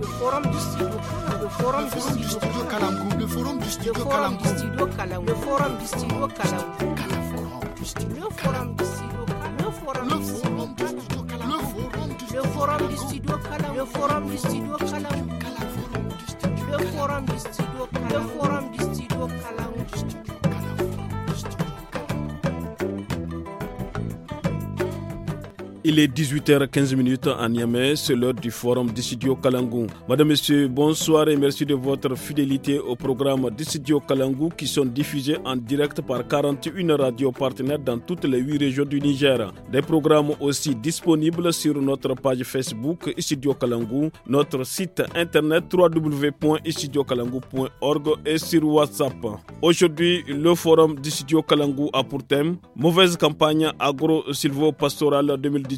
le forum du studio le forum du le forum du studio Kalamgou le forum du studio Kalamgou le forum du studio Kalamgou le forum du studio Kalamgou le forum du studio Kalamgou le forum du studio Kalamgou le forum du studio Kalamgou le forum du studio Kalamgou Il est 18h15 à Niamey, c'est l'heure du forum Dissidio Kalangou. Madame, Monsieur, bonsoir et merci de votre fidélité au programme Dissidio Kalangou qui sont diffusés en direct par 41 radios partenaires dans toutes les 8 régions du Niger. Des programmes aussi disponibles sur notre page Facebook Studio Kalangou, notre site internet www.issidiokalangu.org et sur WhatsApp. Aujourd'hui, le forum Dissidio Kalangou a pour thème Mauvaise campagne agro-silvo-pastorale 2019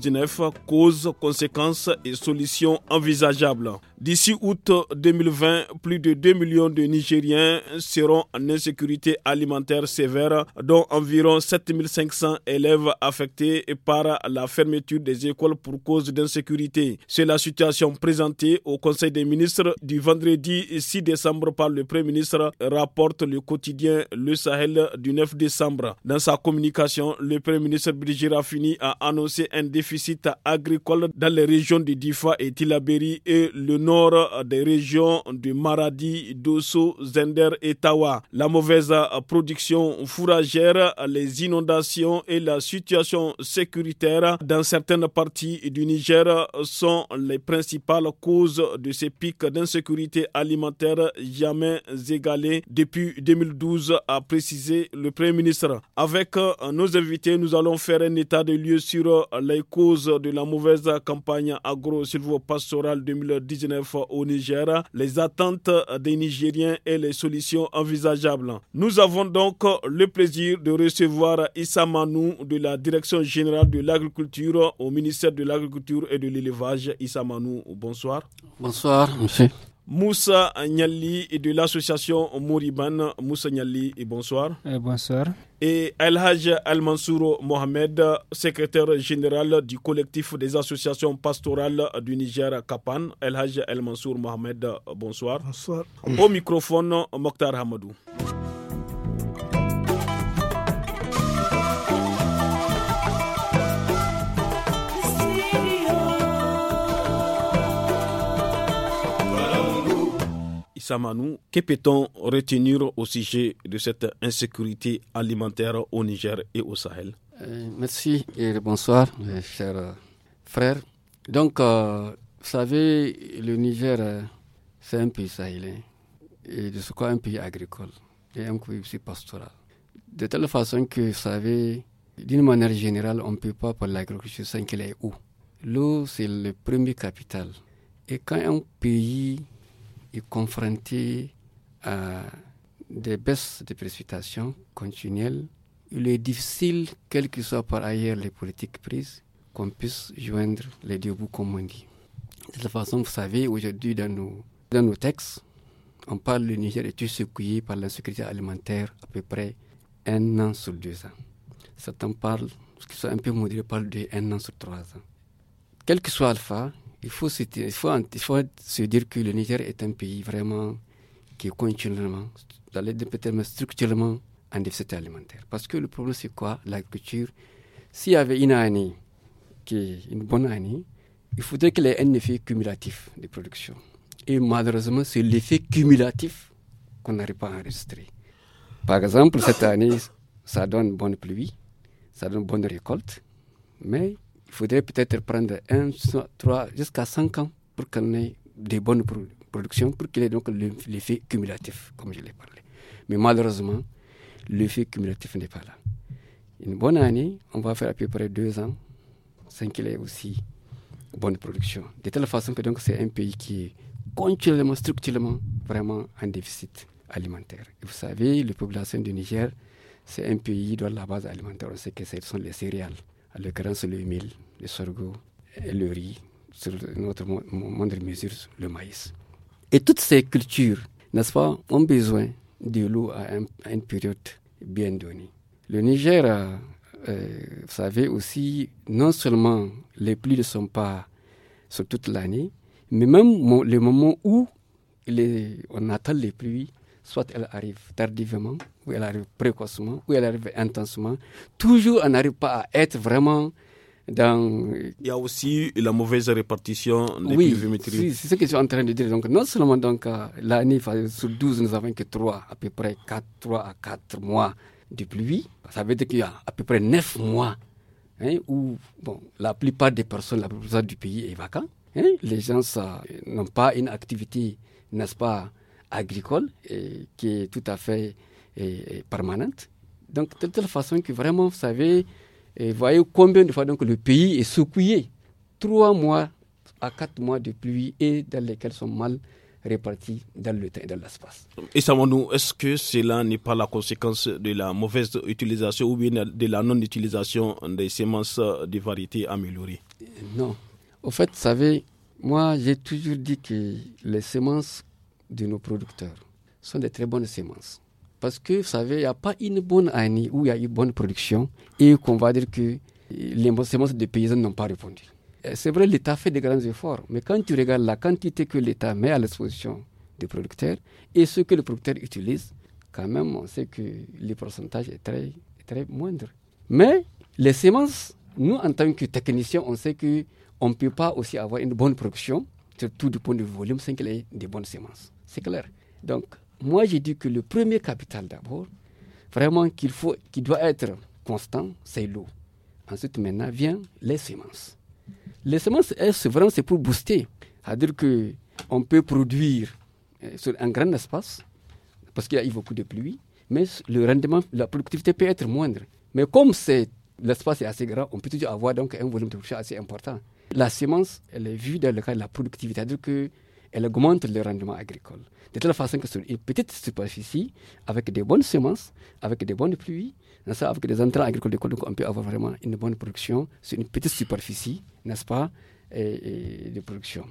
causes, conséquences et solutions envisageables. D'ici août 2020, plus de 2 millions de Nigériens seront en insécurité alimentaire sévère, dont environ 7500 élèves affectés par la fermeture des écoles pour cause d'insécurité. C'est la situation présentée au Conseil des ministres du vendredi 6 décembre par le Premier ministre, rapporte le quotidien Le Sahel du 9 décembre. Dans sa communication, le Premier ministre Brigitte Raffini a annoncé un déficit agricole dans les régions de Difa et Tilaberi et le nord des régions de Maradi, Dosso, Zender et Tawa. La mauvaise production fourragère, les inondations et la situation sécuritaire dans certaines parties du Niger sont les principales causes de ces pics d'insécurité alimentaire jamais égalés depuis 2012, a précisé le Premier ministre. Avec nos invités, nous allons faire un état de lieu sur les causes de la mauvaise campagne agro-silvopastorale 2019 au Niger, les attentes des Nigériens et les solutions envisageables. Nous avons donc le plaisir de recevoir Issa Manou de la Direction générale de l'agriculture au ministère de l'Agriculture et de l'Élevage. Issa Manou, bonsoir. Bonsoir, monsieur. Moussa Nyali de l'association Mouriban. Moussa Nyali, bonsoir. Et euh, bonsoir. Et El Al Mansour Mohamed, secrétaire général du collectif des associations pastorales du Niger Kapan. El Haj Al Mansour Mohamed, bonsoir. Bonsoir. Au microphone, Mokhtar Hamadou. Samanou, que peut-on retenir au sujet de cette insécurité alimentaire au Niger et au Sahel euh, Merci et bonsoir, mes chers euh, frères. Donc, euh, vous savez, le Niger, c'est un pays sahélien, et de ce quoi un pays agricole, et un pays aussi pastoral. De telle façon que, vous savez, d'une manière générale, on ne peut pas parler l'agriculture sans qu'il y ait eau. L'eau, c'est le premier capital. Et quand un pays confronté à des baisses de précipitations continuelles. Il est difficile, quelles que soient par ailleurs les politiques prises, qu'on puisse joindre les deux bouts, comme on dit. De la façon, vous savez, aujourd'hui, dans nos, dans nos textes, on parle du Niger est secoué par l'insécurité alimentaire à peu près un an sur deux ans. Certains parlent, ce qui soit un peu modérés, parlent de un an sur trois ans. Quel que soit Alpha, il faut, se, faut, il faut se dire que le Niger est un pays vraiment qui est continuellement, peut-être structurellement, en déficit alimentaire. Parce que le problème, c'est quoi L'agriculture. S'il y avait une année qui est une bonne année, il faudrait qu'il y ait un effet cumulatif de production. Et malheureusement, c'est l'effet cumulatif qu'on n'arrive pas à enregistrer. Par exemple, cette année, ça donne bonne pluie, ça donne bonne récolte, mais il faudrait peut-être prendre 1, 3, jusqu'à 5 ans pour qu'on ait des bonnes productions, pour qu'il ait donc l'effet cumulatif, comme je l'ai parlé. Mais malheureusement, l'effet cumulatif n'est pas là. Une bonne année, on va faire à peu près 2 ans, sans qu'il ait aussi bonne production. De telle façon que donc c'est un pays qui est continuellement, structurellement, vraiment en déficit alimentaire. Et vous savez, la population du Niger, c'est un pays dont la base alimentaire, on sait que ce sont les céréales le grain, c'est le mil, le sorgho, et le riz, sur notre moindre mesure, le maïs. Et toutes ces cultures, n'est-ce pas, ont besoin de l'eau à, une période bien donnée. Le Niger, euh, euh, vous savez aussi, non seulement les pluies ne sont pas sur toute l'année, mais même le moment où les, on attend les pluies, soit elles arrivent tardivement, où elle arrive précocement, où elle arrive intensement. Toujours, on n'arrive pas à être vraiment dans... Il y a aussi la mauvaise répartition des oui, c'est ce que je suis en train de dire. Donc, non seulement donc, euh, l'année, sur 12, nous n'avons que 3, à peu près 4, à 4 mois de pluie. Ça veut dire qu'il y a à peu près 9 mois hein, où bon, la plupart des personnes, la plupart du pays est vacant. Hein. Les gens n'ont pas une activité, n'est-ce pas, agricole, qui est tout à fait permanente. Donc, de telle façon que vraiment, vous savez, et voyez combien de fois donc, le pays est secoué. Trois mois à quatre mois de pluie et dans lesquels sont mal répartis dans le temps et dans l'espace. Et savons-nous est-ce que cela n'est pas la conséquence de la mauvaise utilisation ou bien de la non-utilisation des semences de variétés améliorées Non. Au fait, vous savez, moi j'ai toujours dit que les semences de nos producteurs sont des très bonnes semences. Parce que, vous savez, il n'y a pas une bonne année où il y a une bonne production et qu'on va dire que les semences des paysans n'ont pas répondu. C'est vrai, l'État fait des grands efforts, mais quand tu regardes la quantité que l'État met à l'exposition des producteurs et ce que les producteurs utilisent, quand même, on sait que le pourcentage est très, très moindre. Mais les semences, nous, en tant que techniciens, on sait qu'on ne peut pas aussi avoir une bonne production, surtout du point de volume, sans qu'il y ait des bonnes semences. C'est clair. Donc, moi, j'ai dit que le premier capital d'abord, vraiment qu'il faut, qui doit être constant, c'est l'eau. Ensuite, maintenant, vient les semences. Les semences, c'est vraiment c'est pour booster. C'est-à-dire qu'on peut produire euh, sur un grand espace, parce qu'il y a beaucoup de pluie, mais le rendement, la productivité peut être moindre. Mais comme c'est, l'espace est assez grand, on peut toujours avoir donc un volume de production assez important. La semence, elle est vue dans le cadre de la productivité, c'est-à-dire que elle augmente le rendement agricole. De telle façon que sur une petite superficie, avec des bonnes semences, avec des bonnes pluies, avec des entrées agricoles de on peut avoir vraiment une bonne production sur une petite superficie, n'est-ce pas, de production.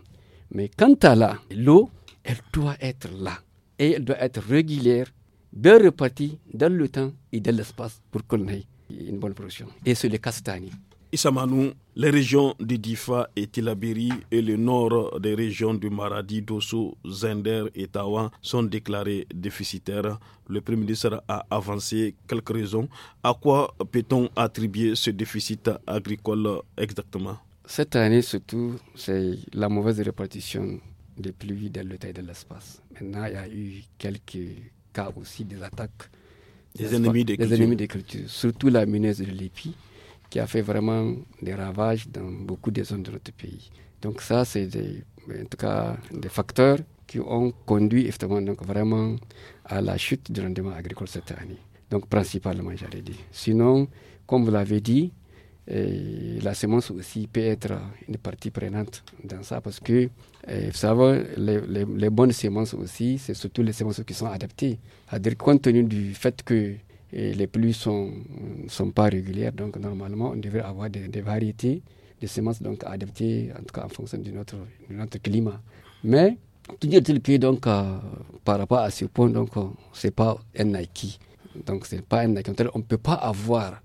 Mais quant à là, l'eau, elle doit être là. Et elle doit être régulière, bien répartie dans le temps et dans l'espace pour qu'on ait une bonne production. Et sur les castagnes, Isamanou, les régions de Difa et Tilabiri et le nord des régions du Maradi, Dosso, Zender et Tawa sont déclarées déficitaires. Le Premier ministre a avancé quelques raisons. À quoi peut-on attribuer ce déficit agricole exactement Cette année surtout, c'est la mauvaise répartition des pluies dans le taille de l'espace. Maintenant, il y a eu quelques cas aussi des attaques des ennemis des, ennemis des cultures, surtout la menace de l'épi qui a fait vraiment des ravages dans beaucoup des zones de notre pays. Donc ça, c'est en tout cas des facteurs qui ont conduit effectivement donc vraiment à la chute du rendement agricole cette année. Donc principalement, j'allais dire. Sinon, comme vous l'avez dit, la semence aussi peut être une partie prenante dans ça parce que, vous savez, les, bonnes semences aussi, c'est surtout les semences qui sont adaptées. C'est-à-dire, compte tenu du fait que et les pluies ne sont, sont pas régulières, donc normalement, on devrait avoir des, variétés de semences donc, adaptées, en cas en fonction de notre, de notre climat. Mais, tout est que donc, euh, par rapport à ce point, ce euh, n'est pas un acquis. Donc, pas On ne peut pas avoir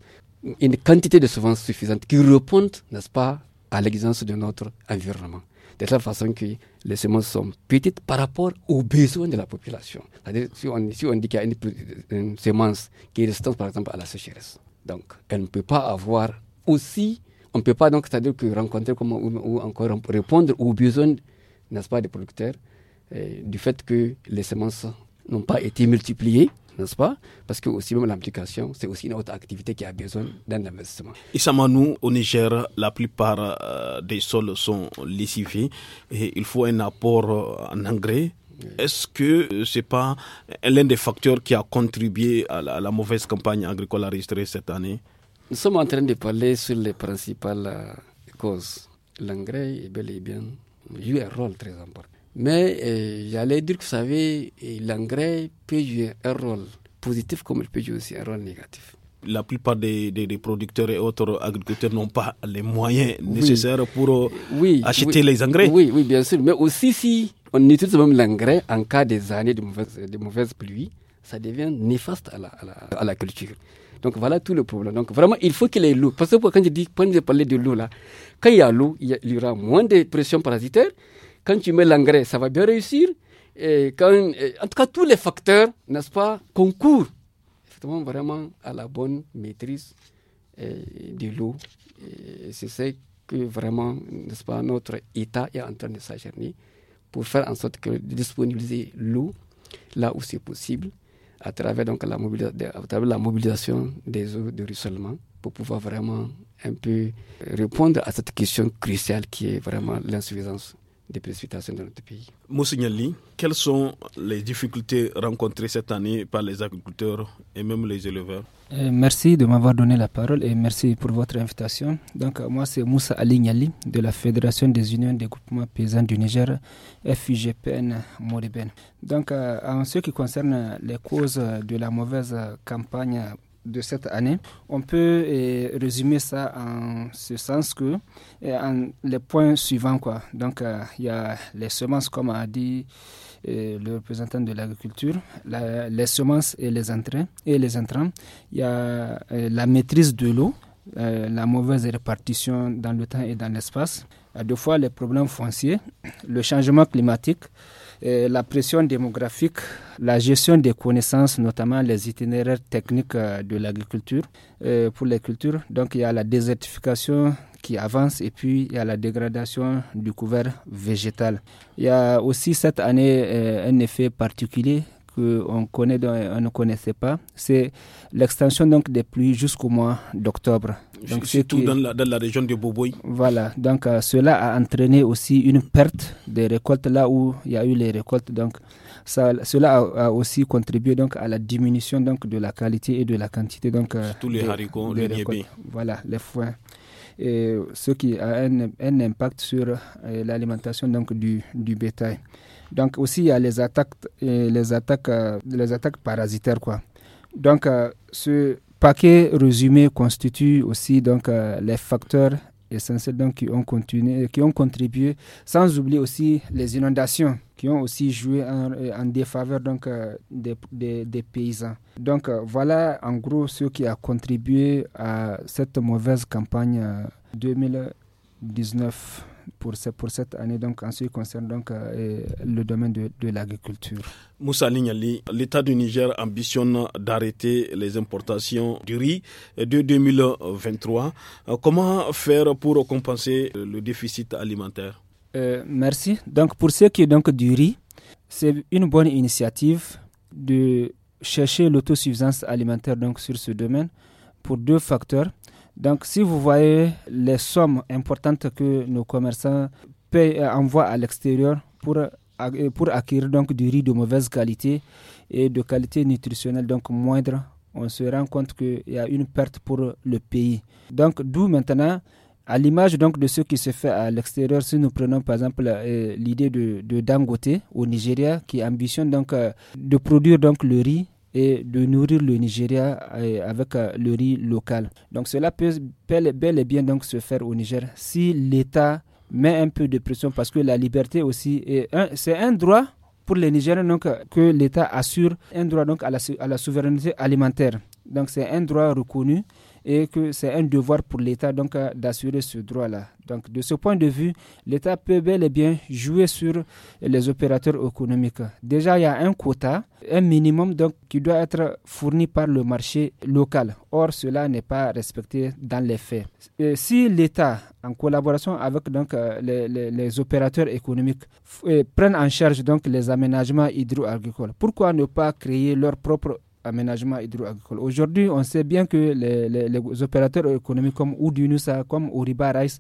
une quantité de semences suffisante qui répondent, n'est-ce pas, à l'exigence de notre environnement de telle façon que les semences sont petites par rapport aux besoins de la population. C'est-à-dire, si on, dit qu'il y a une, semence qui est par exemple, à la sécheresse, donc elle ne peut pas avoir aussi, on ne peut pas donc, c'est-à-dire que rencontrer comment, ou, encore répondre aux besoins, n'est-ce pas, des producteurs, euh, du fait que les semences n'ont pas été multipliées pas Parce que aussi même l'application, c'est aussi une autre activité qui a besoin d'un investissement. Issa nous, au Niger, la plupart euh, des sols sont lessivés et il faut un apport euh, en engrais. Est-ce que euh, ce n'est pas l'un des facteurs qui a contribué à la, mauvaise campagne agricole enregistrée cette année Nous sommes en train de parler sur les principales causes. L'engrais bel et bien, a un rôle très important. Mais euh, j'allais dire que vous savez, euh, l'engrais peut jouer un rôle positif comme il peut jouer aussi un rôle négatif. La plupart des, des, producteurs et autres agriculteurs n'ont pas les moyens nécessaires pour euh, acheter les engrais. Oui, oui, bien sûr. Mais aussi si on utilise même l'engrais en cas des années de mauvaise, de mauvaises pluie, ça devient néfaste à la, à la, culture. Donc voilà tout le problème. Donc vraiment, il faut qu'il y ait l'eau. Parce que quand je dis, quand je parlais de l'eau là, quand il y a l'eau, il y aura moins de pression parasitaire quand tu mets l'engrais, ça va bien réussir. Et quand, en tout cas, tous les facteurs, n'est-ce pas, concourent vraiment à la bonne maîtrise de l'eau. C'est ce que vraiment, n'est-ce pas, notre État est en train de s'acharner pour faire en sorte que de disponibiliser l'eau là où c'est possible à travers donc la, à travers la mobilisation des eaux de ruissellement pour pouvoir vraiment un peu répondre à cette question cruciale qui est vraiment l'insuffisance des précipitations dans notre pays. Moussigny, quelles sont les difficultés rencontrées cette année par les agriculteurs et même les éleveurs euh, Merci de m'avoir donné la parole et merci pour votre invitation. Donc, euh, moi, c'est Moussa Ali Niali de la Fédération des unions des groupements paysans du Niger, FIGPN Moribène. Donc, euh, en ce qui concerne les causes de la mauvaise campagne de cette année, on peut euh, résumer ça en ce sens que euh, en les points suivants quoi. Donc euh, il y a les semences comme a dit le représentant de l'agriculture, les semences et les entrées et les entrants. Il y a la maîtrise de l'eau, la mauvaise répartition dans le temps et dans l'espace. Deux fois les problèmes fonciers, le changement climatique. Euh, la pression démographique, la gestion des connaissances, notamment les itinéraires techniques euh, de l'agriculture euh, pour les cultures. Donc il y a la désertification qui avance et puis il y a la dégradation du couvert végétal. Il y a aussi cette année un effet particulier on connaît, on ne connaissait pas, c'est l'extension donc des pluies jusqu'au mois d'octobre. Donc, surtout dans, la, région de Boboy. Voilà, donc euh, cela a entraîné aussi une perte des récoltes là où il y a eu les récoltes. Donc, cela a, aussi contribué donc à la diminution donc de la qualité et de la quantité donc. Euh, Tous les haricots, les récoltes. Voilà, les foins. Et ce qui a un, impact sur euh, l'alimentation donc du, du bétail. Donc aussi il y a les attaques, euh, les attaques, euh, les attaques parasitaires quoi. Donc euh, ce paquet résumé constitue aussi donc les facteurs essentiels donc qui ont continué, qui ont contribué, sans oublier aussi les inondations qui ont aussi joué en, défaveur donc des, des, paysans. Donc voilà en gros ce qui a contribué à cette mauvaise campagne 2019 pour, cette année donc, en ce qui concerne donc, euh, le domaine de, l'agriculture. Moussa Lignali, l'État du Niger ambitionne d'arrêter les importations du riz de 2023. Euh, comment faire pour compenser le déficit alimentaire euh, Merci. Donc, pour ce qui est donc, du riz, c'est une bonne initiative de chercher l'autosuffisance alimentaire donc, sur ce domaine pour deux facteurs. Donc si vous voyez les sommes importantes que nos commerçants payent, envoient à l'extérieur pour, euh, pour acquérir donc du riz de mauvaise qualité et de qualité nutritionnelle donc moindre, on se rend compte qu'il y a une perte pour le pays. Donc d'où maintenant à l'image de ce qui se fait à l'extérieur, si nous prenons par exemple euh, l'idée de, Dangote au Nigeria, qui ambitionne donc euh, de produire donc le riz et de nourrir le Nigeria euh, avec euh, le riz local. Donc cela peut bel et bien donc se faire au Niger si l'État met un peu de pression parce que la liberté aussi c'est un droit pour les Nigériens donc euh, que l'État assure un droit donc à la, à la souveraineté alimentaire. Donc c'est un droit reconnu et que c'est un devoir pour l'État donc euh, d'assurer ce droit-là. Donc de ce point de vue, l'État peut bel et bien jouer sur les opérateurs économiques. Déjà, il y a un quota, un minimum donc qui doit être fourni par le marché local. Or, cela n'est pas respecté dans les faits. si l'État, en collaboration avec donc euh, les, opérateurs économiques, prennent en charge donc les aménagements hydro-agricoles, pourquoi ne pas créer leur propre aménagement hydro-agricole. Aujourd'hui, on sait bien que les, les, opérateurs économiques comme Oudunusa, comme Oriba Rice,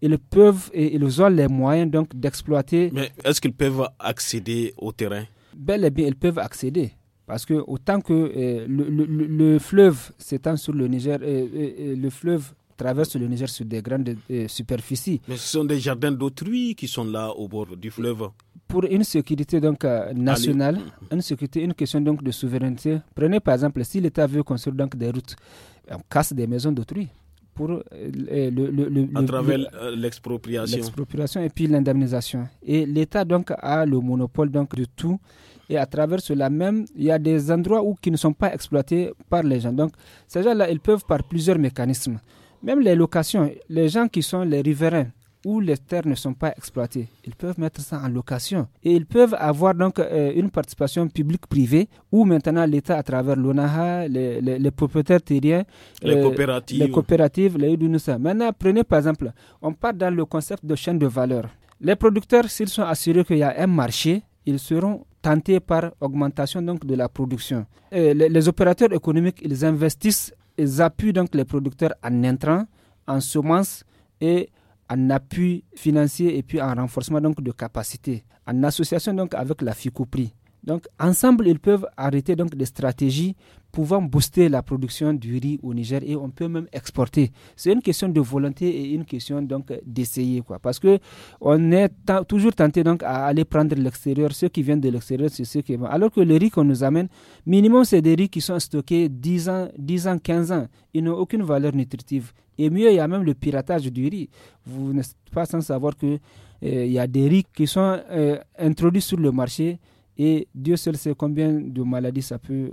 ils peuvent et ils ont les moyens donc d'exploiter. Mais est-ce qu'ils peuvent accéder au terrain Bel et bien, ils peuvent accéder. Parce que autant que euh, le, fleuve s'étend sur le Niger, et euh, euh, le fleuve traversent le Niger sur des grandes euh, superficies. Mais ce sont des jardins d'autrui qui sont là au bord du fleuve. Pour une sécurité donc euh, nationale, une sécurité, une question donc de souveraineté. Prenez par exemple, si l'État veut construire donc des routes, on casse des maisons d'autrui pour euh, le, le, à travers l'expropriation l'expropriation et puis l'indemnisation et l'État donc a le monopole donc de tout et à travers cela même il y a des endroits où qui ne sont pas exploités par les gens donc ces gens là ils peuvent par plusieurs mécanismes même les locations, les gens qui sont les riverains où les terres ne sont pas exploitées, ils peuvent mettre ça en location. Et ils peuvent avoir donc euh, une participation publique-privée où maintenant l'État, à travers l'ONAHA, les, propriétaires terriens, les, euh, coopératives. les coopératives, Maintenant, prenez par exemple, on part dans le concept de chaîne de valeur. Les producteurs, s'ils sont assurés qu'il y a un marché, ils seront tentés par augmentation donc de la production. les, opérateurs économiques, ils investissent ils appuient donc les producteurs en intrants, en semences et en appui financier et puis en renforcement donc de capacité. En association donc avec la FICOPRI. Donc, ensemble, ils peuvent arrêter donc des stratégies pouvant booster la production du riz au Niger et on peut même exporter. C'est une question de volonté et une question donc d'essayer Parce qu'on on est toujours tenté donc à aller prendre l'extérieur. Ceux qui viennent de l'extérieur, c'est ceux qui vont. Alors que le riz qu'on nous amène, minimum, c'est des riz qui sont stockés 10 ans, 10 ans, 15 ans. Ils n'ont aucune valeur nutritive. Et mieux, il y a même le piratage du riz. Vous n'êtes pas sans savoir qu'il euh, y a des riz qui sont euh, introduits sur le marché et Dieu seul sait combien de maladies ça peut,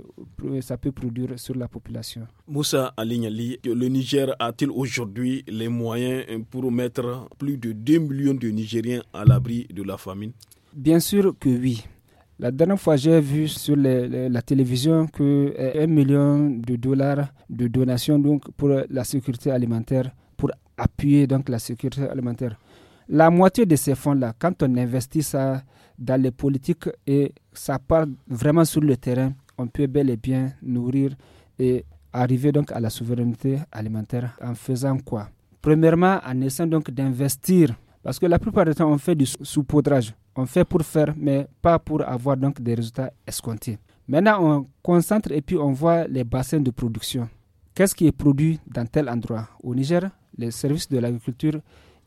ça peut produire sur la population. Moussa Alignali, le Niger a-t-il aujourd'hui les moyens pour mettre plus de 2 millions de Nigériens à l'abri de la famine Bien sûr que oui. La dernière fois, j'ai vu sur la télévision que 1 euh, million de dollars de donations donc, pour la sécurité alimentaire, pour appuyer donc, la sécurité alimentaire. La moitié de ces fonds-là, quand on investit ça dans les politiques et ça part vraiment sur le terrain, on peut bel et bien nourrir et arriver donc à la souveraineté alimentaire en faisant quoi Premièrement, en essayant donc d'investir, parce que la plupart du temps, on fait du saupoudrage. On fait pour faire, mais pas pour avoir donc des résultats escomptés. Maintenant, on concentre et puis on voit les bassins de production. Qu'est-ce qui est produit dans tel endroit Au Niger, les services de l'agriculture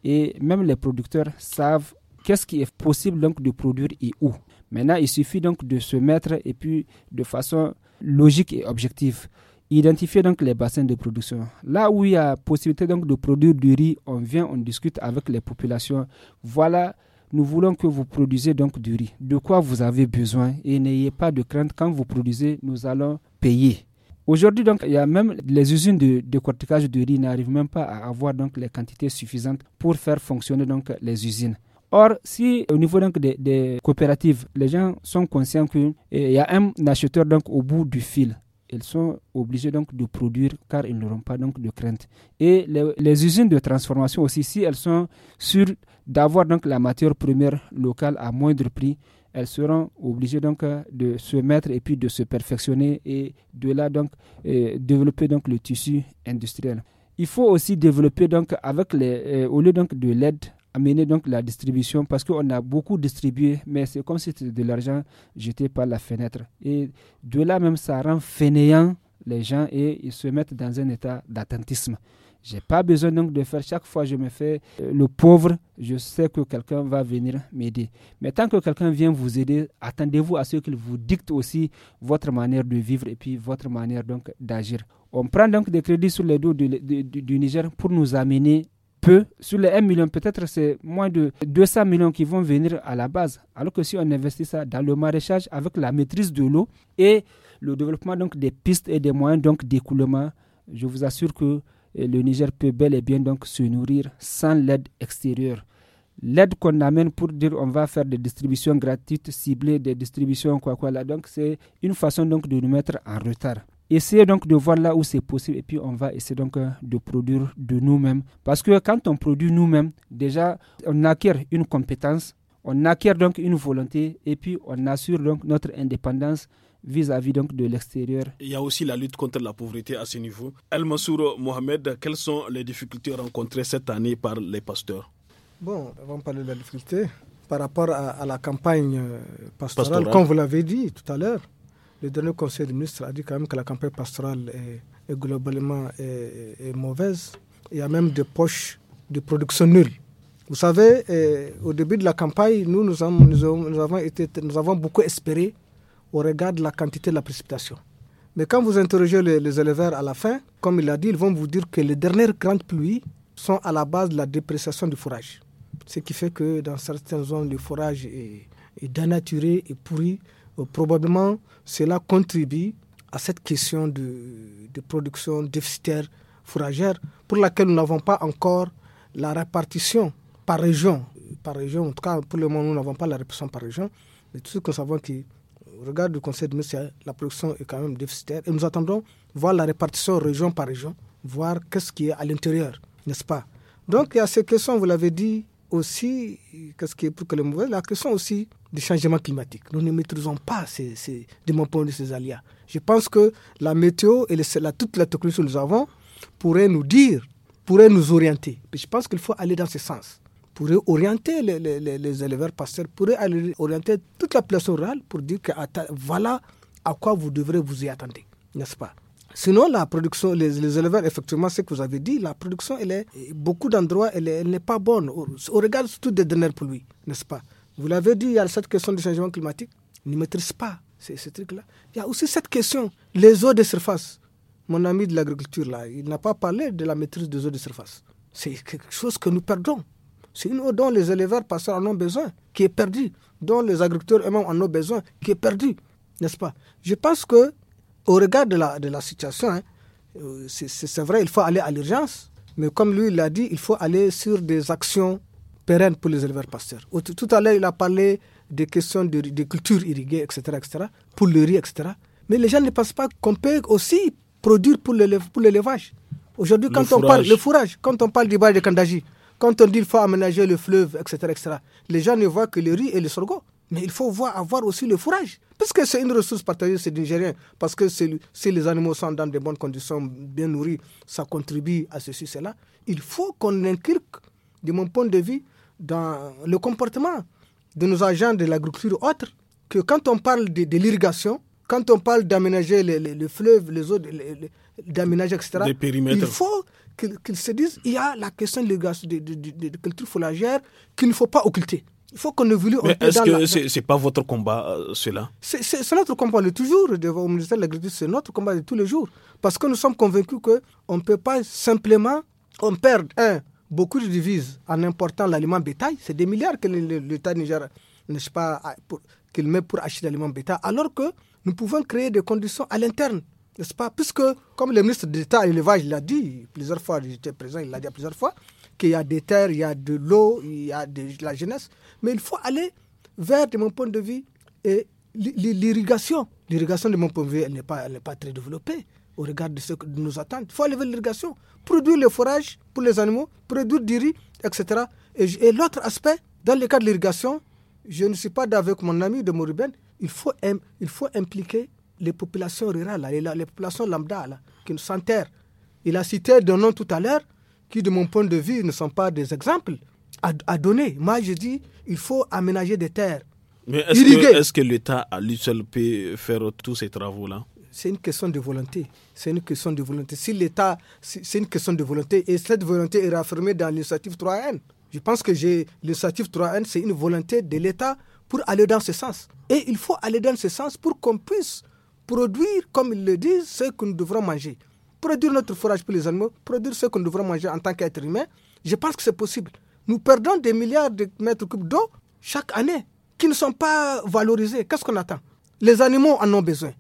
et même les producteurs savent qu'est-ce qui est possible donc de produire et où. Maintenant, il suffit donc de se mettre et puis de façon logique et objective. Identifier donc les bassins de production. Là où il y a possibilité donc de produire du riz, on vient, on discute avec les populations. Voilà, nous voulons que vous produisez donc du riz. De quoi vous avez besoin et n'ayez pas de crainte quand vous produisez, nous allons payer. Aujourd'hui, donc, il y a même les usines de décortiquage de riz n'arrivent même pas à avoir donc les quantités suffisantes pour faire fonctionner donc les usines. Or, si au niveau donc des, coopératives, les gens sont conscients qu'il eh, y a un acheteur donc au bout du fil, ils sont obligés donc de produire car ils n'auront pas donc de crainte. Et les, usines de transformation aussi, si elles sont sûres d'avoir donc la matière première locale à moindre prix, elles seront obligées donc euh, de se mettre et puis de se perfectionner et de là donc eh, développer donc le tissu industriel. Il faut aussi développer donc avec les eh, au lieu donc de l'aide amener donc la distribution parce qu'on a beaucoup distribué, mais c'est comme si c'était de l'argent jeté par la fenêtre. Et de là même, ça rend fainéant les gens et ils se mettent dans un état d'attentisme. J'ai pas besoin donc de faire chaque fois je me fais euh, le pauvre, je sais que quelqu'un va venir m'aider. Mais tant que quelqu'un vient vous aider, attendez-vous à ce qu'il vous dicte aussi votre manière de vivre et puis votre manière donc d'agir. On prend donc des crédits sur les dos du, du Niger pour nous amener peu. Sur les 1 million, peut-être c'est moins de 200 millions qui vont venir à la base. Alors que si on investit ça dans le maraîchage avec la maîtrise de l'eau et le développement donc des pistes et des moyens donc d'écoulement, je vous assure que eh, le Niger peut bel et bien donc se nourrir sans l'aide extérieure. L'aide qu'on amène pour dire on va faire des distributions gratuites, ciblées, des distributions quoi quoi là, donc c'est une façon donc de nous mettre en retard. Essayez donc de voir là où c'est possible et puis on va essayer donc euh, de produire de nous-mêmes. Parce que quand on produit nous-mêmes, déjà, on acquiert une compétence, on acquiert donc une volonté et puis on assure donc notre indépendance vis-à-vis donc de l'extérieur. Il y a aussi la lutte contre la pauvreté à ce niveau. El Mansour Mohamed, quelles sont les difficultés rencontrées cette année par les pasteurs Bon, avant de parler de la difficulté, par rapport à, la campagne euh, pastorale. comme vous l'avez dit tout à l'heure, le dernier conseil de ministres a dit quand même que la campagne pastorale est, globalement mauvaise. Il y a même des poches de production nulle. Vous savez, eh, au début de la campagne, nous, avons, beaucoup espéré au regard de la quantité de la précipitation. Mais quand vous interrogez les, éleveurs à la fin, comme il a dit, ils vont vous dire que les dernières grandes pluies sont à la base de la dépréciation du forage. Ce qui fait que dans certaines zones, le fourrage est, est dénaturé et pourri euh, probablement cela contribue à cette question de, production déficitaire fourragère pour laquelle nous n'avons pas encore la répartition par région. Par région, en tout cas, pour le moment, nous n'avons pas la répartition par région. Mais tout ce que nous savons qui regarde du Conseil de ministre, la production est quand même déficitaire. Et nous attendons voir la répartition région par région, voir qu'est-ce qui est à l'intérieur, n'est-ce pas Donc, il y a ces questions, vous l'avez dit aussi, qu'est-ce qui est pour que le mauvais, la question aussi des changements climatiques. Nous ne maîtrisons pas, ces, ces, de mon point de vue, ces aléas. Je pense que la météo et toute la technologie que nous avons pourraient nous dire, pourraient nous orienter. je pense qu'il faut aller dans ce sens. Pourrait orienter les, éleveurs pasteurs, pourrait orienter toute la population rurale pour dire que voilà à quoi vous devrez vous y attendre, n'est-ce pas Sinon, la production, les, éleveurs, effectivement, ce que vous avez dit, la production, elle est, beaucoup d'endroits, elle n'est pas bonne. On regarde surtout des dernières pluies, n'est-ce pas vous l'avez dit, il y a cette question du changement climatique. Ils ne maîtrisent pas ces, trucs-là. Il y a aussi cette question, les eaux de surface. Mon ami de l'agriculture, là, il n'a pas parlé de la maîtrise des eaux de surface. C'est quelque chose que nous perdons. C'est une eau dont les éleveurs passeurs en ont besoin, qui est perdue, dont les agriculteurs eux-mêmes en ont besoin, qui est perdue, n'est-ce pas Je pense que, au regard de la, situation, hein, euh, c'est vrai, il faut aller à l'urgence, mais comme lui l'a dit, il faut aller sur des actions pérenne pour les éleveurs pasteurs. Tout à l'heure, il a parlé des questions de, de cultures irriguées, etc., etc., pour le riz, etc. Mais les gens ne pensent pas qu'on peut aussi produire pour l'élevage. Aujourd'hui, quand on parle le fourrage, quand on parle du bail de Kandaji, quand on dit qu'il faut aménager le fleuve, etc., etc., les gens ne voient que le riz et le sorgho. Mais il faut voir, avoir aussi le fourrage. Parce que c'est une ressource partagée, c'est nigérien. Parce que si les animaux sont dans de bonnes conditions, bien nourris, ça contribue à ceci, cela. Il faut qu'on inculque, de mon point de vue, dans le comportement de nos agents de l'agriculture autre que quand on parle de, l'irrigation, quand on parle d'aménager les, fleuves, les eaux, d'aménager, etc., il faut qu'ils se disent il y a la question de l'irrigation, de, culture folagère qu'il ne faut pas occulter. Il faut qu'on évolue Mais est-ce que ce n'est pas votre combat, euh, cela C'est notre combat de toujours, au ministère de l'Agriculture, c'est notre combat de tous les jours. Parce que nous sommes convaincus qu'on ne peut pas simplement, on perd, un, beaucoup divisent en important l'aliment bétail. C'est des milliards que l'État Niger n'est pas qu'il met pour acheter l'aliment bétail, alors que nous pouvons créer des conditions à l'interne, n'est-ce pas Puisque, comme le ministre d'État à l'élevage l'a dit plusieurs fois, j'étais présent, il l'a dit plusieurs fois, qu'il y a des terres, il y a de l'eau, il y a de la jeunesse, mais il faut aller vers, de mon point de vue, et l'irrigation. L'irrigation, de mon point de vue, elle n'est pas, pas très développée au regard de ce que nous attendent. Il faut lever l'irrigation, produire le forage pour les animaux, produire du riz, etc. Et, l'autre aspect, dans le cas de l'irrigation, je ne suis pas d'avec mon ami de Moribène, il faut, il faut impliquer les populations rurales, les, populations lambda, qui nous terre. Il a cité des noms tout à l'heure qui, de mon point de vue, ne sont pas des exemples à, donner. Moi, je dis, il faut aménager des terres. Mais est-ce que, que l'État à lui seul peut faire tous ces travaux-là c'est une question de volonté. C'est une question de volonté. Si l'État, c'est une question de volonté, et cette volonté est réaffirmée dans l'initiative 3N. Je pense que l'initiative 3N, c'est une volonté de l'État pour aller dans ce sens. Et il faut aller dans ce sens pour qu'on puisse produire, comme ils le disent, ce que nous devrons manger. Produire notre forage pour les animaux, produire ce que nous devrons manger en tant qu'être humain, je pense que c'est possible. Nous perdons des milliards de mètres cubes d'eau chaque année qui ne sont pas valorisés. Qu'est-ce qu'on attend Les animaux en ont besoin.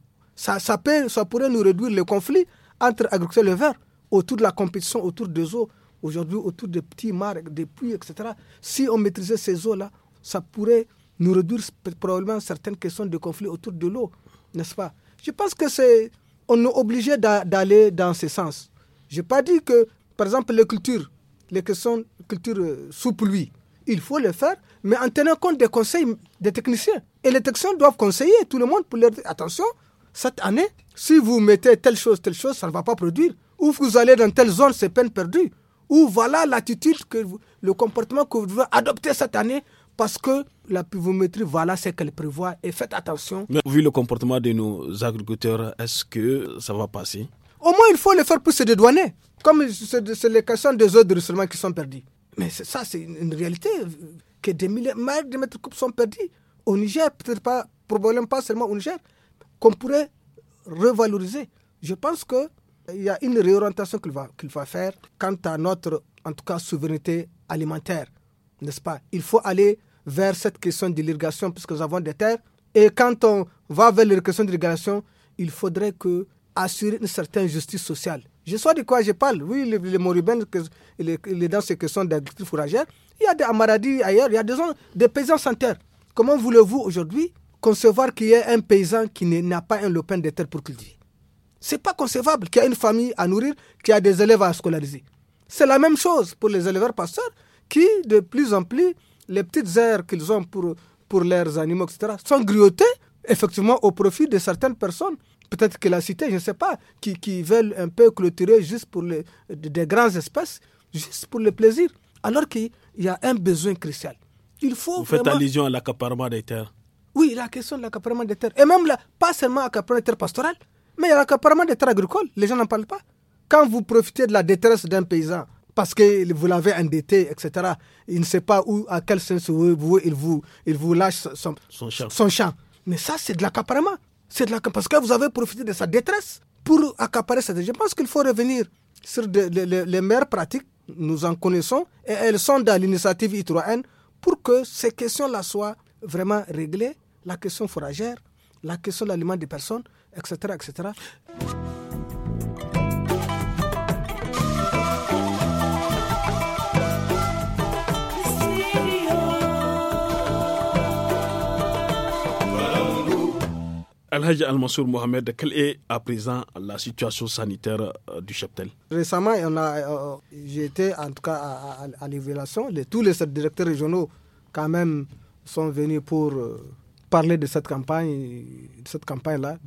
Ça, ça, pourrait nous réduire le conflit entre agriculteurs et verts autour de la compétition, autour des eaux, aujourd'hui autour des petits marques, des puits, etc. Si on maîtrisait ces eaux-là, ça pourrait nous réduire probablement certaines questions de conflit autour de l'eau, n'est-ce pas Je pense que c'est on est obligé d'aller dans ce sens. Je n'ai pas dit que, par exemple, les cultures, les questions culture euh, sous pluie, il faut le faire, mais en tenant compte des conseils des techniciens. Et les techniciens doivent conseiller tout le monde pour leur dire attention, cette année, si vous mettez telle chose, telle chose, ça ne va pas produire. Ou vous allez dans telle zone, c'est peine perdue. Ou voilà l'attitude, que le comportement que vous devez adopter cette année parce que la pivométrie, voilà ce qu'elle prévoit et faites attention. Mais vu le comportement de nos agriculteurs, est-ce que ça va passer Au moins, il faut le faire pour se dédouaner. Comme c'est les questions des autres de qui sont perdus. Mais ça, c'est une réalité que des milliers, de mètres cubes sont perdus. Au Niger, peut-être pas, probablement pas seulement au Niger, qu'on pourrait revaloriser. Je pense qu'il y a une réorientation qu'il va, faire quant à notre, en tout cas, souveraineté alimentaire, n'est-ce pas Il faut aller vers cette question de l'irrigation puisque nous avons des terres. Et quand on va vers la question de il faudrait que assurer une certaine justice sociale. Je sais de quoi je parle. Oui, les, les il est dans ces questions d'agriculture fourragère. Il y a des Amaradis ailleurs, il y a des paysans sans terre. Comment voulez-vous aujourd'hui concevoir qu'il y ait un paysan qui n'a pas un lopin de terre pour cultiver. C'est pas concevable qu'il y ait une famille à nourrir, qu'il y a des élèves à scolariser. C'est la même chose pour les éleveurs pasteurs qui, de plus en plus, les petites aires qu'ils ont pour, pour leurs animaux, etc., sont griotées, effectivement, au profit de certaines personnes. Peut-être que la cité, je ne sais pas, qui, qui veulent un peu clôturer juste pour les, des grandes espèces, juste pour le plaisir. Alors qu'il y a un besoin crucial. Il faut Vous faites allusion à l'accaparement des terres. Oui, la question de l'accaparement des terres. Et même là, pas seulement l'accaparement des terres pastorales, mais l'accaparement des terres agricoles. Les gens n'en parlent pas. Quand vous profitez de la détresse d'un paysan parce que vous l'avez endetté, etc., il ne sait pas où, à quel sens vous, il, vous, il vous lâche son, champ. Mais ça, c'est de l'accaparement. C'est Parce que vous avez profité de sa détresse pour accaparer cette. Je pense qu'il faut revenir sur les meilleures pratiques. Nous en connaissons et elles sont dans l'initiative I3N pour que ces questions-là soient vraiment réglées la question foragère, la question de l'aliment des personnes, etc. etc. Alhaji Al-Mansour Mohamed, quelle est à présent la situation sanitaire euh, du cheptel Récemment, on a, euh, euh, en tout cas à, à, Les, tous les directeurs régionaux, quand même, sont venus pour parler de cette campagne, de cette campagne-là,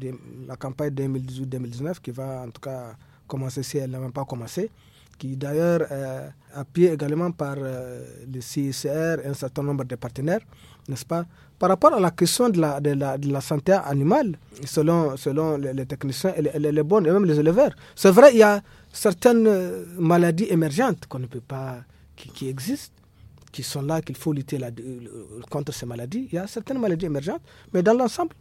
la campagne 2018-2019 qui va en tout cas commencer si elle n'a même pas commencé, qui d'ailleurs est appuyée également par euh, le CICR et un certain nombre de partenaires, n'est-ce pas Par rapport à la question de la, de la, santé animale, selon, selon les, techniciens et les, bonnes, et même les éleveurs, c'est vrai, il y a certaines euh, maladies émergentes qu'on ne peut pas, qui, qui existent qui sont là, qu'il faut lutter euh, contre ces maladies. Il y a certaines maladies émergentes, mais dans l'ensemble,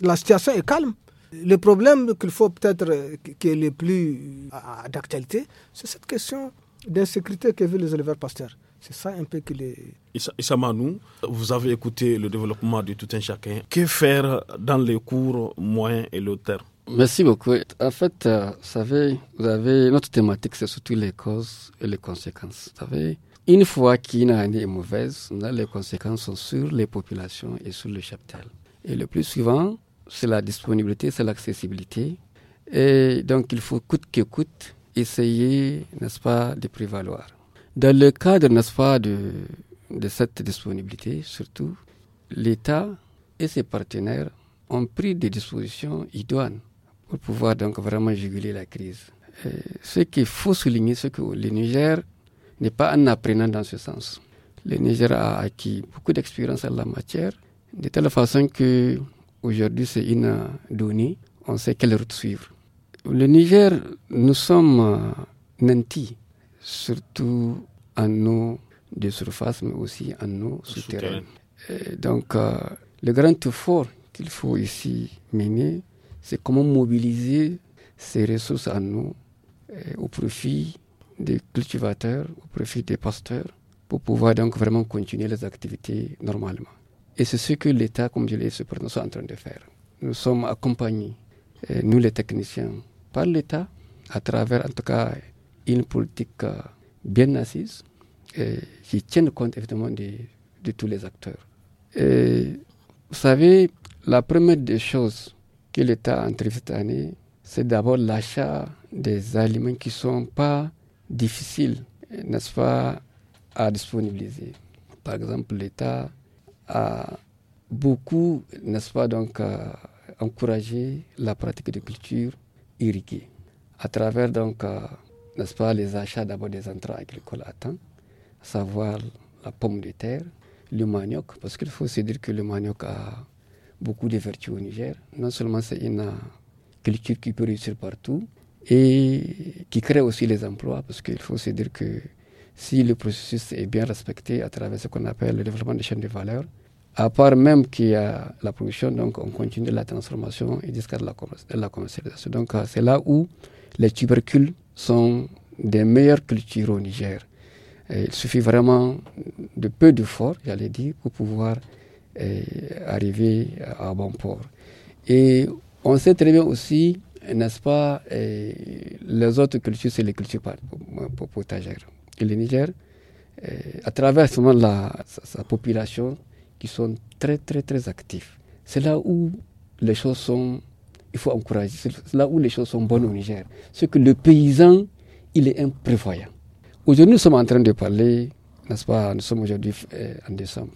la situation est calme. Le problème qu'il faut peut-être, euh, qui est le plus euh, d'actualité, c'est cette question d'insécurité que vivent les éleveurs pasteurs. C'est ça un peu qui les... Issa, vous avez écouté le développement de tout un chacun. Que faire dans les cours moyens et long terme Merci beaucoup. En fait, vous savez, vous avez, notre thématique, c'est surtout les causes et les conséquences. Vous savez, une fois qu'une année est mauvaise, les conséquences sont sur les populations et sur le cheptel. Et le plus souvent, c'est la disponibilité, c'est l'accessibilité. Et donc, il faut coûte que coûte essayer, n'est-ce pas, de prévaloir. Dans le cadre, n'est-ce pas, de, cette disponibilité, surtout, l'État et ses partenaires ont pris des dispositions idoines pour pouvoir donc vraiment juguler la crise. ce qu'il faut souligner, c'est que le Niger n'est pas un apprenant dans ce sens. Le Niger a acquis beaucoup d'expérience en la matière, de telle façon que aujourd'hui c'est une donnée, on sait quelle route suivre. Le Niger, nous sommes euh, nantis, surtout en eau de surface, mais aussi en eau souterraine. Donc, euh, le grand effort qu'il faut ici mener, c'est comment mobiliser ces ressources en eau euh, au profit des cultivateurs au profit des pasteurs pour pouvoir donc vraiment continuer les activités normalement. Et c'est ce que l'État, comme je l'ai cependant, est en train de faire. Nous sommes accompagnés, euh, nous les techniciens, par l'État à travers en tout cas une politique euh, bien assise euh, qui tienne compte évidemment de, de tous les acteurs. vous savez, la première des choses que l'État a entreprise cette année, c'est d'abord l'achat des aliments qui ne sont pas difficile, n'est-ce pas, à disponibiliser. Par exemple, l'État a beaucoup, n'est-ce pas, donc, euh, encouragé la pratique de culture irriguée à travers, donc, euh, n'est-ce pas, les achats d'abord des intrants agricoles à temps, à savoir la pomme de terre, le manioc, parce qu'il faut se dire que le manioc a beaucoup de vertus au Niger. Non seulement c'est une euh, culture qui peut réussir partout, et qui crée aussi les emplois, parce qu'il faut se dire que si le processus est bien respecté à travers ce qu'on appelle le développement des chaînes de valeur, à part même qu'il y a la production, donc on continue la transformation et jusqu'à la, commercialisation. Donc euh, c'est là où les tubercules sont des meilleures cultures au Niger. il suffit vraiment de peu d'efforts, j'allais dire, pour pouvoir euh, arriver à bon port. Et on sait très bien aussi n'est-ce pas, les autres cultures, c'est les cultures euh, potagères. Et le Niger, euh, à travers la, sa, population, qui sont très, très, très actifs. C'est là où les choses sont, il faut encourager, c'est là où les choses sont bonnes au Niger. C'est que le paysan, il est imprévoyant. Aujourd'hui, nous sommes en train de parler, n'est-ce pas, nous sommes aujourd'hui euh, en décembre.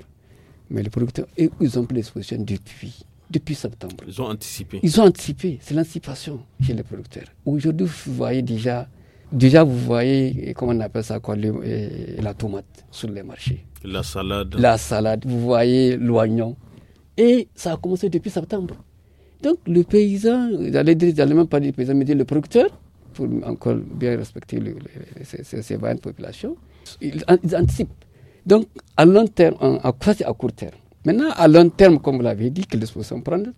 Mais les producteurs, ils ont pris l'exposition depuis depuis septembre. Ils ont anticipé. Ils ont anticipé. C'est l'anticipation chez les producteurs. Aujourd'hui, vous voyez déjà, déjà vous voyez, comment on appelle ça quoi, la tomate sur les marchés. La salade. La salade. Vous voyez l'oignon. Et ça a commencé depuis septembre. Donc le paysan, j'allais même pas dire le paysan, mais dire le producteur, pour encore bien respecter ces variantes populations, ils, ils anticipent. Donc à long terme, à court terme, Maintenant, à long terme, comme vous l'avez dit, qu'ils sont prendre,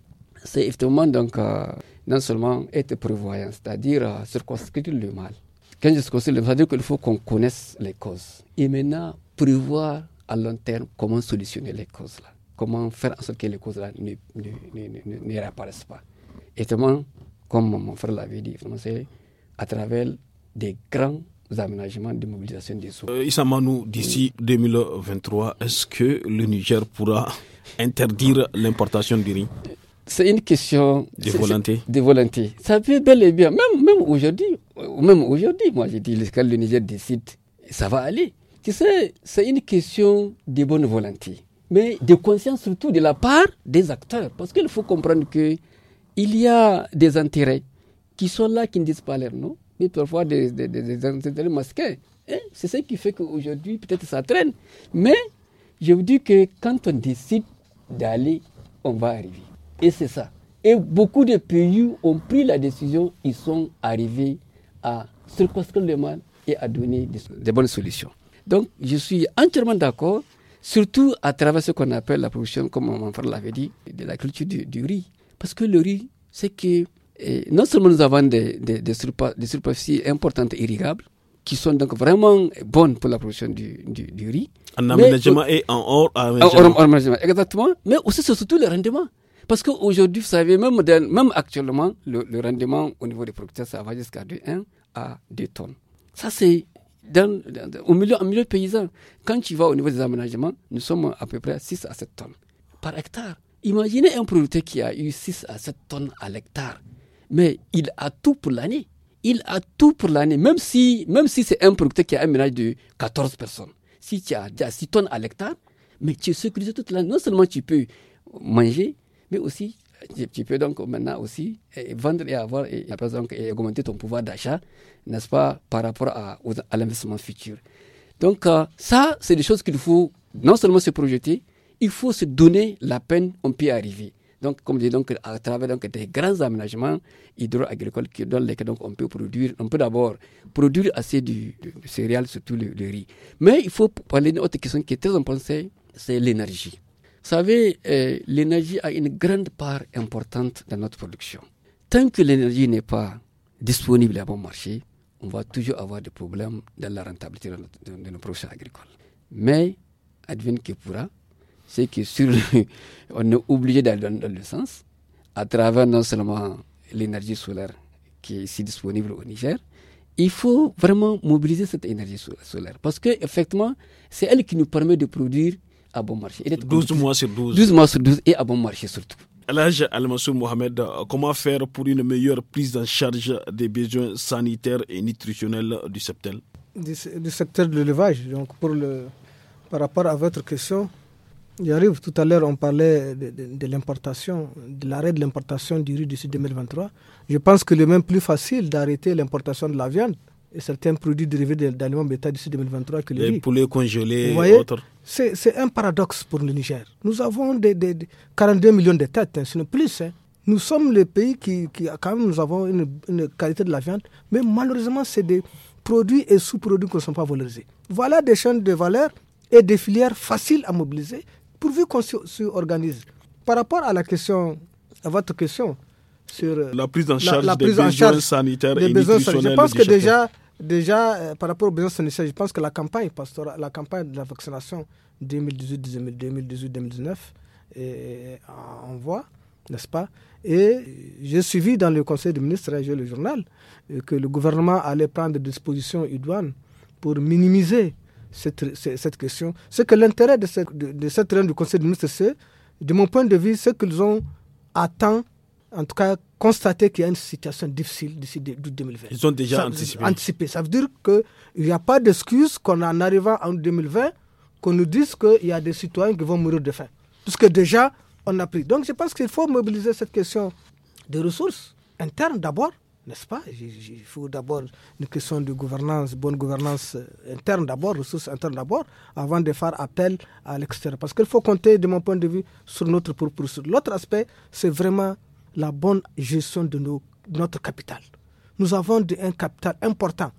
c'est effectivement donc, euh, non seulement être prévoyant, c'est-à-dire euh, circonscrire le mal. Quand je dis c'est-à-dire qu'il faut qu'on connaisse les causes. Et maintenant, prévoir à long terme comment solutionner les causes-là. Comment faire en sorte que les causes-là ne, ne, ne, ne, réapparaissent pas. Et comme mon frère l'avait dit, c'est à travers des grands aménagements de mobilisation des eaux. Euh, d'ici 2023, est-ce que le Niger pourra interdire l'importation du riz c'est une question de volonté. De volonté. Ça peut bel et bien, même, même aujourd'hui, euh, même aujourd'hui, moi j'ai dit, quand le Niger décide, ça va aller. Tu sais, c'est une question de bonne volonté, mais de conscience surtout de la part des acteurs, parce qu'il faut comprendre que il y a des intérêts qui sont là, qui ne disent pas leur nom, parfois des, des, masqués. Hein, c'est ce qui fait qu'aujourd'hui, peut-être ça traîne. Mais je vous dis que quand on décide d'aller, on va arriver. Et c'est ça. Et beaucoup de pays ont pris la décision, ils sont arrivés à circonscrire le mal et à donner des, bonnes solutions. Donc, je suis entièrement d'accord, surtout à travers ce qu'on appelle la production, comme mon frère l'avait dit, de la culture du riz. Parce que le riz, c'est que non seulement nous avons des, des, superficies importantes irrigables, qui sont donc vraiment bonnes pour la production du, riz. En aménagement et en hors aménagement. exactement. Mais aussi, surtout le rendement. Parce qu'aujourd'hui, vous savez, même, actuellement, le, rendement au niveau des producteurs, ça va jusqu'à 1 à 2 tonnes. Ça, c'est au milieu, milieu paysan. Quand tu vas au niveau des aménagements, nous sommes à peu près à 6 à 7 tonnes par hectare. Imaginez un producteur qui a eu 6 à 7 tonnes à l'hectare mais il a tout pour l'année. Il a tout pour l'année, même si, même si c'est un producteur qui a un ménage de 14 personnes. Si tu as, as 6 tonnes à l'hectare, mais tu es sécurisé toute l'année. Non seulement tu peux manger, mais aussi tu peux donc maintenant aussi eh, vendre et avoir et, augmenter ton pouvoir d'achat, n'est-ce pas, par rapport à, l'investissement futur. Donc euh, ça, c'est des choses qu'il faut non seulement se projeter, il faut se donner la peine, on peut y arriver. Donc, comme je dis, donc, à travers donc, des grands aménagements hydro-agricoles dans lesquels donc, on peut produire, on peut d'abord produire assez de céréales, surtout le, riz. Mais il faut parler d'une autre question qui est très importante, c'est l'énergie. Vous savez, euh, l'énergie a une grande part importante dans notre production. Tant que l'énergie n'est pas disponible à bon marché, on va toujours avoir des problèmes dans la rentabilité de, nos, projets agricoles. Mais, advienne qui pourra, c'est que sur on est obligé d'aller dans, le sens, à travers non seulement l'énergie solaire qui est ici disponible au Niger, il faut vraiment mobiliser cette énergie solaire. Parce qu'effectivement, c'est elle qui nous permet de produire à bon marché. 12 mois sur 12. 12 mois sur 12 et à bon marché surtout. Alhaj al Mohamed, comment faire pour une meilleure prise en charge des besoins sanitaires et nutritionnels du septel du, secteur de l'élevage. Donc, par rapport à votre question, J'arrive, tout à l'heure on parlait de, l'importation, de l'arrêt de l'importation du riz d'ici 2023. Je pense que le même plus facile d'arrêter l'importation de la viande et certains produits dérivés d'aliments bêta d'ici 2023 que le riz. poulets congelés et autres. C'est un paradoxe pour le Niger. Nous avons des, 42 millions de têtes, sinon hein, plus. Hein. Nous sommes le pays qui, qui, quand même, nous avons une, une qualité de la viande, mais malheureusement, c'est des produits et sous-produits qui ne sont pas valorisés. Voilà des chaînes de valeur et des filières faciles à mobiliser pourvu qu'on organise, Par rapport à la question, à votre question sur euh, la prise en charge des besoins sanitaires et nutritionnels Je pense que déjà, déjà euh, par rapport aux besoins sanitaires, je pense que la campagne la campagne de la vaccination 2018-2019 en voie, n'est-ce pas Et j'ai suivi dans le Conseil des ministres, j'ai le journal, euh, que le gouvernement allait prendre des dispositions idoines pour minimiser cette, cette question. Ce que l'intérêt de, cette, de, cette réunion du Conseil des ministres, c'est, de mon point de vue, c'est qu'ils ont atteint, en tout cas, constaté qu'il y a une situation difficile d'ici 2020. Ils ont déjà anticipé. anticipé. Ça veut dire qu'il n'y a pas d'excuse qu'en en arrivant en 2020, qu'on nous dise qu'il y a des citoyens qui vont mourir de faim. Puisque déjà, on a pris. Donc je pense qu'il faut mobiliser cette question des ressources internes d'abord n'est-ce pas Il faut d'abord une question de gouvernance, bonne gouvernance euh, interne d'abord, ressources internes d'abord, avant de faire appel à l'extérieur. Parce qu'il faut compter, de mon point de vue, sur notre propre L'autre aspect, c'est vraiment la bonne gestion de nos, notre capital. Nous avons de, un capital important,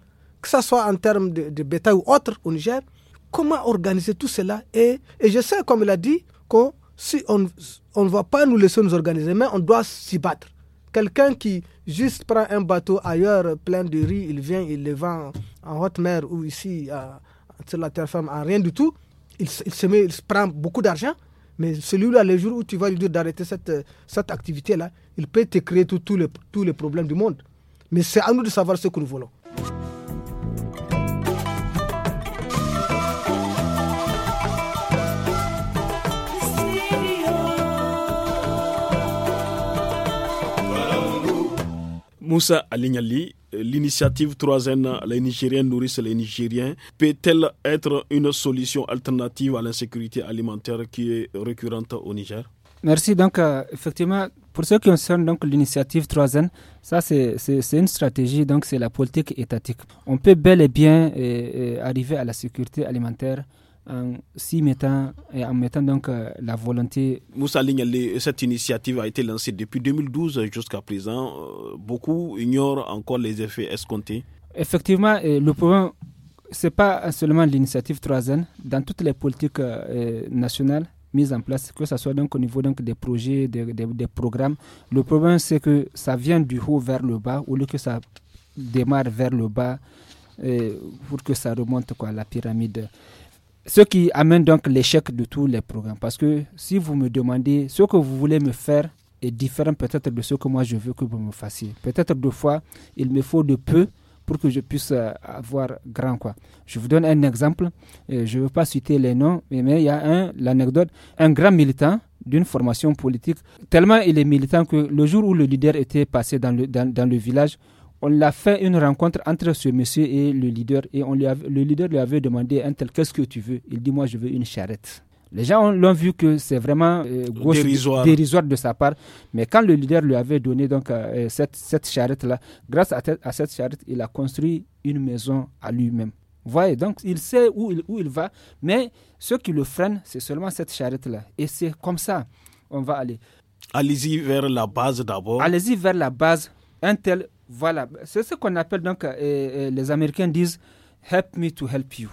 que ce soit en termes de, de bétail ou autre au Niger. Comment organiser tout cela et, et je sais, comme il a dit, qu'on si on ne va pas nous laisser nous organiser, mais on doit s'y battre. Quelqu'un qui juste prend un bateau ailleurs plein de riz, il vient, il le vend en haute mer ou ici à, sur la terre ferme, à rien du tout, il, se met, il se prend beaucoup d'argent. Mais celui-là, le jour où tu vas lui dire d'arrêter cette, cette activité-là, il peut te créer tous les, tous les problèmes du monde. Mais c'est à nous de savoir ce que nous voulons. Moussa Alignali, l'initiative 3N, les Nigériens nourrissent les Nigériens, peut-elle être une solution alternative à l'insécurité alimentaire qui est récurrente au Niger Merci. Donc, euh, effectivement, pour ce qui concerne l'initiative 3N, ça c'est une stratégie, donc c'est la politique étatique. On peut bel et bien euh, euh, arriver à la sécurité alimentaire en s'y mettant et en mettant donc euh, la volonté. Moussa Lignalé, cette initiative a été lancée depuis 2012 jusqu'à présent. Euh, beaucoup ignorent encore les effets escomptés. Effectivement, euh, le problème, ce n'est pas seulement l'initiative 3 n Dans toutes les politiques nationales, mises en place, que ce soit donc au niveau donc des projets, des, programmes. Le problème, c'est que ça vient du haut vers le bas, ou lieu que ça démarre vers le bas pour que ça remonte quoi, la pyramide ce qui amène donc l'échec de tous les programmes. Parce que si vous me demandez ce que vous voulez me faire est différent peut-être de ce que moi je veux que vous me fassiez. Peut-être deux fois, il me faut de peu pour que je puisse euh, avoir grand. quoi. Je vous donne un exemple. je ne veux pas citer les noms, mais il y a un, l'anecdote, un grand militant d'une formation politique, tellement il est militant que le jour où le leader était passé dans le, dans, dans le village, on a fait une rencontre entre ce monsieur et le leader et on lui le leader lui avait demandé un tel qu'est-ce que tu veux Il dit moi je veux une charrette. Les gens l'ont vu que c'est vraiment euh, dérisoire. de sa part, mais quand le leader lui avait donné donc euh, euh, cette, cette charrette là, grâce à, cette charrette, il a construit une maison à lui-même. Voyez, donc il sait où il, où il va, mais ce qui le freine, c'est seulement cette charrette-là. Et c'est comme ça on va aller. Allez-y vers la base d'abord. Allez-y vers la base. Un tel voilà, c'est ce qu'on appelle donc, euh, euh, les Américains disent help me to help you.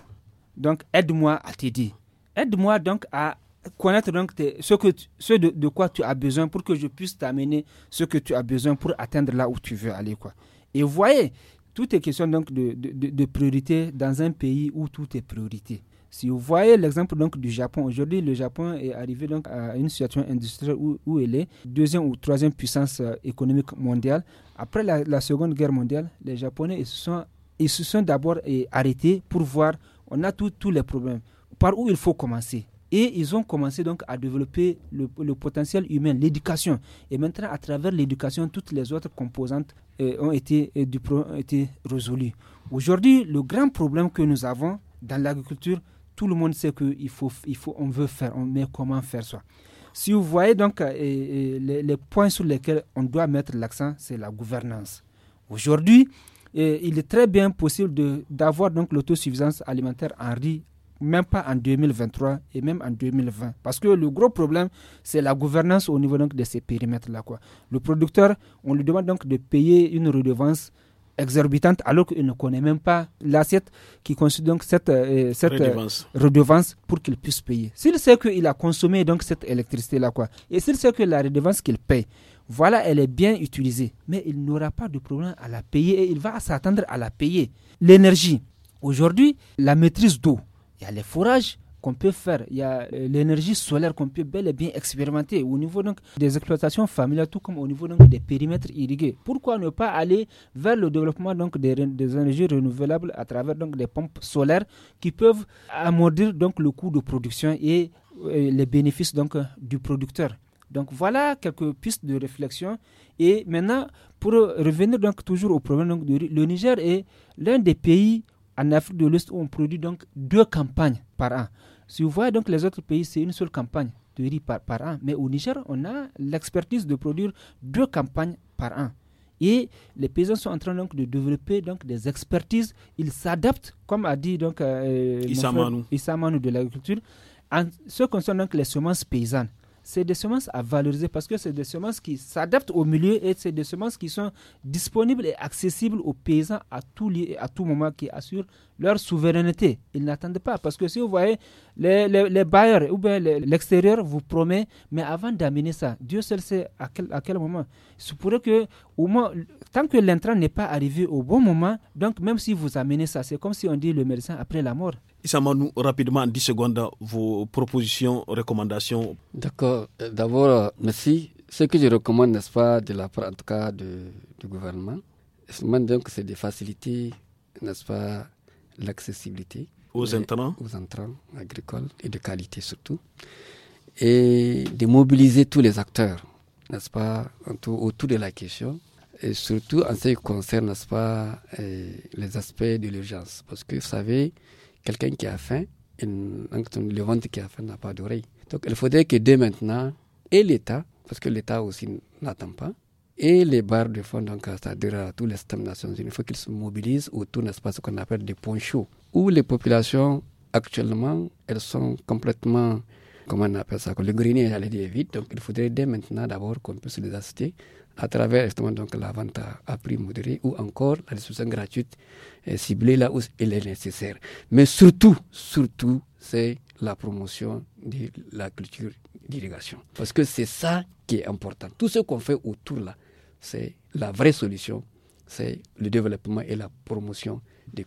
Donc aide-moi à dire, Aide-moi donc à connaître donc ce, que ce de, quoi tu as besoin pour que je puisse t'amener ce que tu as besoin pour atteindre là où tu veux aller. Quoi. Et voyez, tout est question donc de, de, de priorité dans un pays où tout est priorité. Si vous voyez l'exemple donc du Japon, aujourd'hui le Japon est arrivé donc à une situation industrielle où, où elle est deuxième ou troisième puissance euh, économique mondiale. Après la, Seconde Guerre mondiale, les Japonais ils se sont, ils se sont d'abord euh, arrêtés pour voir on a tous les problèmes par où il faut commencer. Et ils ont commencé donc à développer le, potentiel humain, l'éducation. Et maintenant, à travers l'éducation, toutes les autres composantes euh, ont, été, du ont été résolues. Aujourd'hui, le grand problème que nous avons dans l'agriculture, tout le monde sait qu'il faut, il faut, on veut faire, mais comment faire ça Si vous voyez donc euh, les, points sur lesquels on doit mettre l'accent, c'est la gouvernance. Aujourd'hui, euh, il est très bien possible d'avoir donc l'autosuffisance alimentaire en riz même pas en 2023 et même en 2020. Parce que le gros problème, c'est la gouvernance au niveau donc de ces périmètres-là. Le producteur, on lui demande donc de payer une redevance exorbitante alors qu'il ne connaît même pas l'assiette qui constitue donc cette, euh, euh, redevance. pour qu'il puisse payer. S'il sait qu'il a consommé donc cette électricité-là, quoi, et s'il sait que la redevance qu'il paye, voilà, elle est bien utilisée, mais il n'aura pas de problème à la payer et il va s'attendre à la payer. L'énergie. Aujourd'hui, la maîtrise d'eau, il y a les forages, qu'on peut faire, il y a euh, l'énergie solaire qu'on peut bel et bien expérimenter au niveau donc des exploitations familiales, tout comme au niveau donc des périmètres irrigués. Pourquoi ne pas aller vers le développement donc des, énergies renouvelables à travers donc des pompes solaires qui peuvent amortir donc le coût de production et, euh, les bénéfices donc du producteur. Donc voilà quelques pistes de réflexion. Et maintenant, pour revenir donc toujours au problème donc, le Niger est l'un des pays en Afrique de l'Ouest où on produit donc deux campagnes par an. Si vous voyez donc les autres pays, c'est une seule campagne de riz par, par an. Mais au Niger, on a l'expertise de produire deux campagnes par an. Et les paysans sont en train donc de développer donc des expertises. Ils s'adaptent, comme a dit donc euh, Issa de l'agriculture, en ce qui concerne les semences paysannes c'est des semences à valoriser parce que c'est des semences qui s'adaptent au milieu et c'est des semences qui sont disponibles et accessibles aux paysans à tout, lieu, à tout moment qui assurent leur souveraineté. Ils n'attendent pas parce que si vous voyez les, les, bailleurs ou l'extérieur vous promet, mais avant d'amener ça, Dieu seul sait à quel, à quel moment. Il pourrait que au tant que l'intrant n'est pas arrivé au bon moment, donc même si vous amenez ça, c'est comme si on dit le médecin après la mort nous rapidement, en 10 secondes, vos propositions, recommandations. D'accord. Euh, d'abord, euh, merci. Ce que je recommande, n'est-ce pas, de la part, en tout cas, de, du gouvernement, c'est de faciliter, n'est-ce pas, l'accessibilité. Aux euh, entrants Aux entrants agricoles et de qualité surtout. Et de mobiliser tous les acteurs, n'est-ce pas, autour de la question. Et surtout en ce qui concerne, n'est-ce pas, les aspects de l'urgence. Parce que vous savez, quelqu'un qui a faim, le ventre qui a faim n'a pas d'oreille. Donc il faudrait que dès maintenant, et l'État, parce que l'État aussi n'attend pas, et les barres de fond, donc c'est-à-dire euh, tous les systèmes Nations il faut qu'ils se mobilisent autour d'un espace qu'on appelle des ponchos, où les populations actuellement, elles sont complètement, comment on appelle ça, le grenier, j'allais dire, vite, Donc il faudrait dès maintenant d'abord qu'on puisse les assister à travers justement donc la vente à, prix modéré ou encore la distribution gratuite euh, ciblée là où elle est nécessaire. Mais surtout, surtout, c'est la promotion de la culture d'irrigation. Parce que c'est ça qui est important. Tout ce qu'on fait autour là, c'est la vraie solution, c'est le développement et la promotion des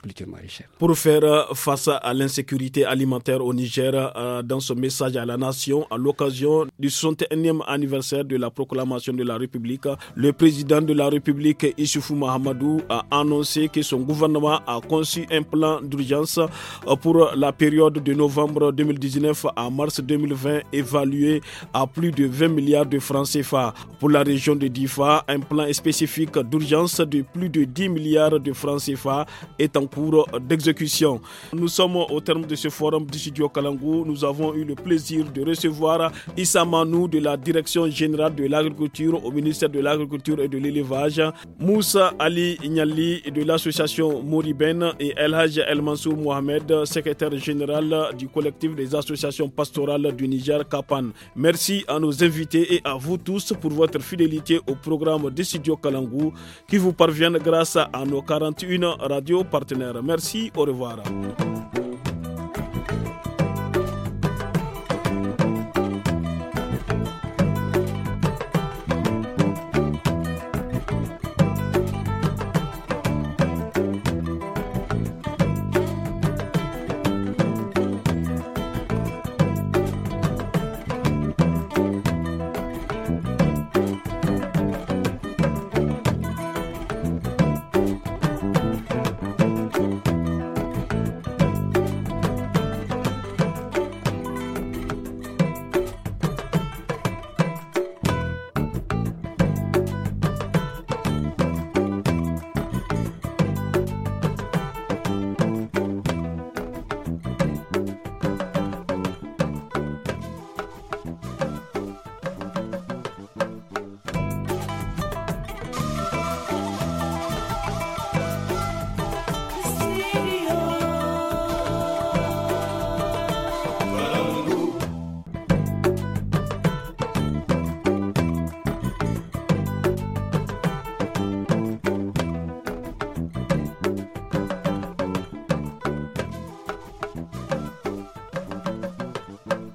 Pour faire euh, face à l'insécurité alimentaire au Niger, euh, dans ce message à la nation, à l'occasion du 61e anniversaire de la proclamation de la République, le président de la République, Issoufou Mahamadou, a annoncé que son gouvernement a conçu un plan d'urgence euh, pour la période de novembre 2019 à mars 2020 évalué à plus de 20 milliards de francs CFA. Pour la région de Difa, un plan spécifique d'urgence de plus de 10 milliards de francs CFA est en cours d'exécution. Nous sommes au terme de ce forum du studio Kalangou. Nous avons eu le plaisir de recevoir Issa Manou de la Direction générale de l'agriculture au ministère de l'Agriculture et de l'Élevage, Moussa Ali Ignali de l'association Moriben et El Haj El Mansour Mohamed, secrétaire général du collectif des associations pastorales du Niger, Kapan. Merci à nos invités et à vous tous pour votre fidélité au programme de studio Kalangou qui vous parvient grâce à nos 41 radios par partenaire. Merci, au revoir. À vous.